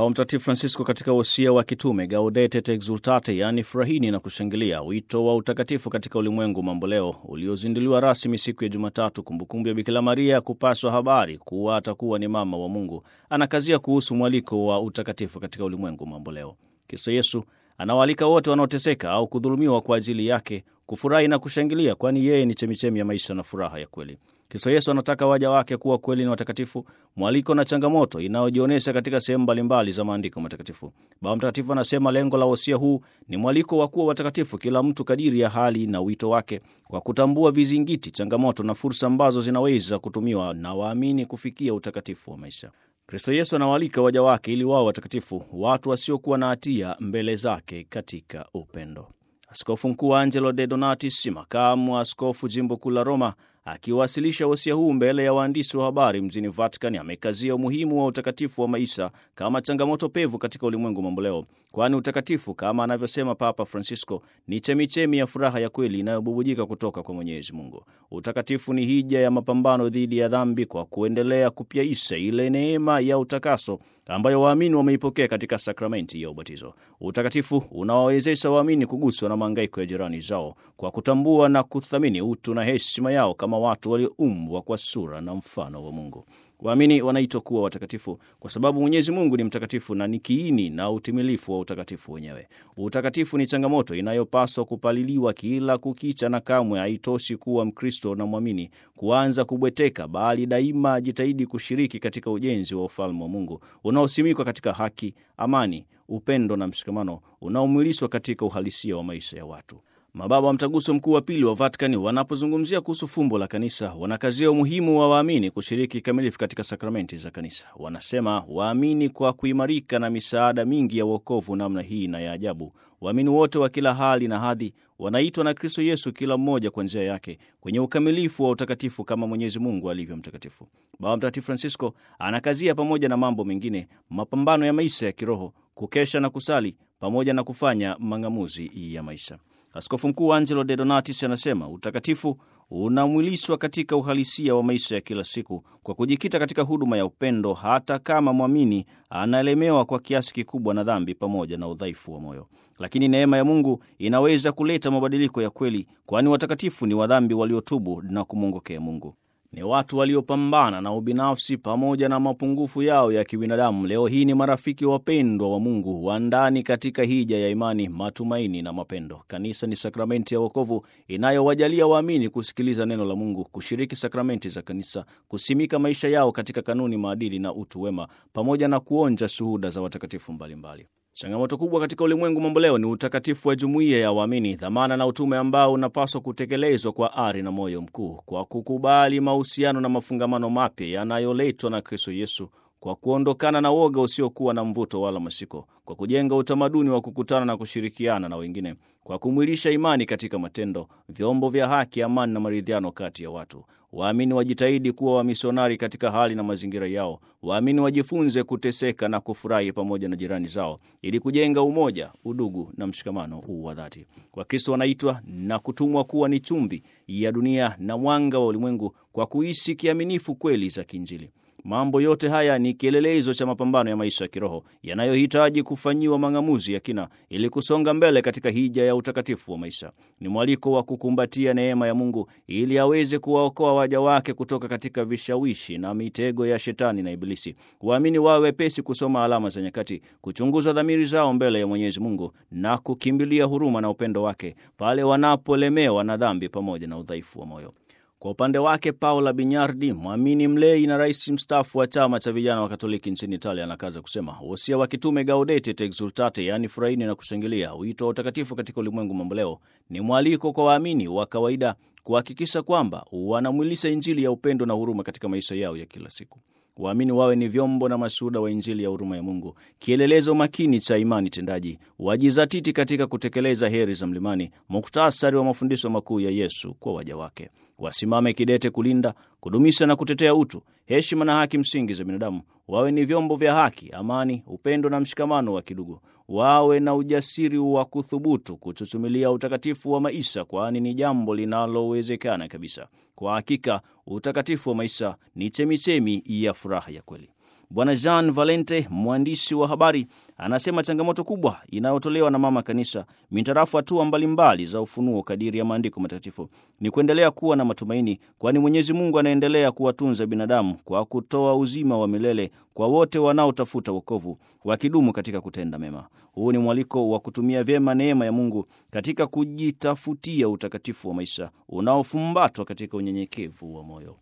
Baba Mtakatifu Francisco katika wosia wa kitume Gaudete et Exultate, yaani furahini na kushangilia, wito wa utakatifu katika ulimwengu mamboleo, uliozinduliwa rasmi siku ya Jumatatu, kumbukumbu ya Bikira Maria kupaswa habari kuwa atakuwa ni mama wa Mungu, anakazia kuhusu mwaliko wa utakatifu katika ulimwengu mamboleo. Kristo Yesu anawaalika wote wanaoteseka au kudhulumiwa kwa ajili yake kufurahi na kushangilia, kwani yeye ni chemichemi ya maisha na furaha ya kweli. Kristo Yesu anataka waja wake kuwa kweli na watakatifu, mwaliko na changamoto inayojionyesha katika sehemu mbalimbali za maandiko matakatifu. Baba Mtakatifu anasema lengo la wosia huu ni mwaliko wa kuwa watakatifu, kila mtu kadiri ya hali na wito wake, kwa kutambua vizingiti, changamoto na fursa ambazo zinaweza kutumiwa na waamini kufikia utakatifu wa maisha. Kristo Yesu anawaalika waja wake ili wao watakatifu, watu wasiokuwa na hatia mbele zake katika upendo. Askofu Mkuu Angelo De Donatis, makamu askofu jimbo kuu la Roma, Akiwasilisha wasia huu mbele ya waandishi wa habari mjini Vatican, amekazia umuhimu wa utakatifu wa maisha kama changamoto pevu katika ulimwengu mamboleo, kwani utakatifu kama anavyosema Papa Francisco ni chemichemi ya furaha ya kweli inayobubujika kutoka kwa Mwenyezi Mungu. Utakatifu ni hija ya mapambano dhidi ya dhambi kwa kuendelea kupyaisha ile neema ya utakaso ambayo waamini wameipokea katika sakramenti ya ubatizo. Utakatifu unawawezesha waamini kuguswa na maangaiko ya jirani zao kwa kutambua na kuthamini utu na heshima yao kama watu walioumbwa kwa sura na mfano wa Mungu. Waamini wanaitwa kuwa watakatifu kwa sababu Mwenyezi Mungu ni mtakatifu na ni kiini na utimilifu wa utakatifu wenyewe. Utakatifu ni changamoto inayopaswa kupaliliwa kila kukicha, na kamwe haitoshi kuwa Mkristo na mwamini kuanza kubweteka, bali daima ajitahidi kushiriki katika ujenzi wa ufalme wa Mungu unaosimikwa katika haki, amani, upendo na mshikamano unaomwilishwa katika uhalisia wa maisha ya watu. Mababa wa mtaguso mkuu wa pili wa Vatikani wanapozungumzia kuhusu fumbo la kanisa wanakazia umuhimu wa waamini kushiriki kikamilifu katika sakramenti za kanisa. Wanasema waamini kwa kuimarika na misaada mingi ya uokovu namna hii na ya ajabu, waamini wote wa kila hali na hadhi wanaitwa na Kristo Yesu, kila mmoja kwa njia yake, kwenye ukamilifu wa utakatifu kama Mwenyezi Mungu alivyo mtakatifu. Baba Mtakatifu Francisco anakazia pamoja na mambo mengine mapambano ya maisha ya kiroho, kukesha na kusali pamoja na kufanya mang'amuzi ya maisha. Askofu Mkuu Angelo De Donatis anasema utakatifu unamwilishwa katika uhalisia wa maisha ya kila siku kwa kujikita katika huduma ya upendo, hata kama mwamini anaelemewa kwa kiasi kikubwa na dhambi pamoja na udhaifu wa moyo. Lakini neema ya Mungu inaweza kuleta mabadiliko ya kweli, kwani watakatifu ni wadhambi waliotubu na kumwongokea Mungu ni watu waliopambana na ubinafsi pamoja na mapungufu yao ya kibinadamu. Leo hii ni marafiki wapendwa wa Mungu wa ndani katika hija ya imani, matumaini na mapendo. Kanisa ni sakramenti ya wokovu inayowajalia waamini kusikiliza neno la Mungu, kushiriki sakramenti za kanisa, kusimika maisha yao katika kanuni, maadili na utu wema, pamoja na kuonja shuhuda za watakatifu mbalimbali mbali. Changamoto kubwa katika ulimwengu mambo leo ni utakatifu wa jumuiya ya waamini, dhamana na utume ambao unapaswa kutekelezwa kwa ari na moyo mkuu, kwa kukubali mahusiano na mafungamano mapya yanayoletwa na Kristo Yesu kwa kuondokana na woga usiokuwa na mvuto wala mashiko, kwa kujenga utamaduni wa kukutana na kushirikiana na wengine, kwa kumwilisha imani katika matendo, vyombo vya haki, amani na maridhiano kati ya watu. Waamini wajitahidi kuwa wamisionari katika hali na mazingira yao. Waamini wajifunze kuteseka na kufurahi pamoja na jirani zao, ili kujenga umoja, udugu na mshikamano huu wa dhati. Wakristo wanaitwa na kutumwa kuwa ni chumvi ya dunia na mwanga wa ulimwengu, kwa kuishi kiaminifu kweli za kinjili Mambo yote haya ni kielelezo cha mapambano ya maisha ya kiroho yanayohitaji kufanyiwa mang'amuzi ya kina ili kusonga mbele katika hija ya utakatifu wa maisha. Ni mwaliko wa kukumbatia neema ya Mungu ili aweze kuwaokoa waja wake kutoka katika vishawishi na mitego ya shetani na Ibilisi. Waamini wawe wepesi kusoma alama za nyakati, kuchunguza dhamiri zao mbele ya Mwenyezi Mungu na kukimbilia huruma na upendo wake pale wanapolemewa na dhambi pamoja na udhaifu wa moyo. Kwa upande wake Paola Binyardi, mwamini mlei na rais mstaafu wa chama cha vijana wa Katoliki nchini Italia, anakaza kusema wosia wa kitume Gaudete et Exultate, yaani furahini na kushangilia, wito wa utakatifu katika ulimwengu mamboleo, ni mwaliko kwa waamini wa kawaida kuhakikisha kwamba wanamwilisha Injili ya upendo na huruma katika maisha yao ya kila siku waamini wawe ni vyombo na mashuhuda wa Injili ya huruma ya Mungu, kielelezo makini cha imani tendaji, wajizatiti katika kutekeleza heri za mlimani, muktasari wa mafundisho makuu ya Yesu kwa waja wake, wasimame kidete kulinda, kudumisha na kutetea utu, heshima na haki msingi za binadamu wawe ni vyombo vya haki, amani, upendo na mshikamano wa kidugu. Wawe na ujasiri wa kuthubutu kuchuchumilia utakatifu wa maisha, kwani ni jambo linalowezekana kabisa. Kwa hakika utakatifu wa maisha ni chemichemi ya furaha ya kweli. Bwana Jean Valente, mwandishi wa habari Anasema changamoto kubwa inayotolewa na mama kanisa mintarafu hatua mbalimbali za ufunuo kadiri ya maandiko matakatifu ni kuendelea kuwa na matumaini, kwani Mwenyezi Mungu anaendelea kuwatunza binadamu kwa kutoa uzima wa milele kwa wote wanaotafuta wokovu, wakidumu katika kutenda mema. Huu ni mwaliko wa kutumia vyema neema ya Mungu katika kujitafutia utakatifu wa maisha unaofumbatwa katika unyenyekevu wa moyo.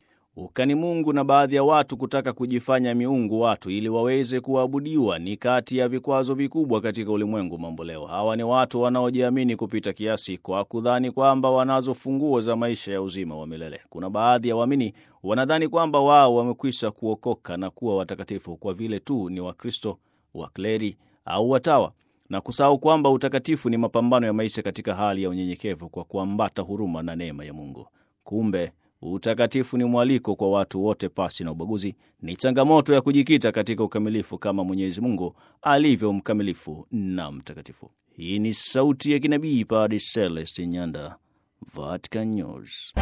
Ukani Mungu na baadhi ya watu kutaka kujifanya miungu watu ili waweze kuabudiwa ni kati ya vikwazo vikubwa katika ulimwengu mambo leo. Hawa ni watu wanaojiamini kupita kiasi kwa kudhani kwamba wanazo funguo za maisha ya uzima wa milele. Kuna baadhi ya waamini wanadhani kwamba wao wamekwisha kuokoka na kuwa watakatifu kwa vile tu ni Wakristo, wakleri au watawa na kusahau kwamba utakatifu ni mapambano ya maisha katika hali ya unyenyekevu kwa kuambata huruma na neema ya Mungu. Kumbe Utakatifu ni mwaliko kwa watu wote pasi na ubaguzi. Ni changamoto ya kujikita katika ukamilifu kama Mwenyezi Mungu alivyo mkamilifu na mtakatifu. Hii ni sauti ya kinabii padi Celestin Nyanda, Vatican News.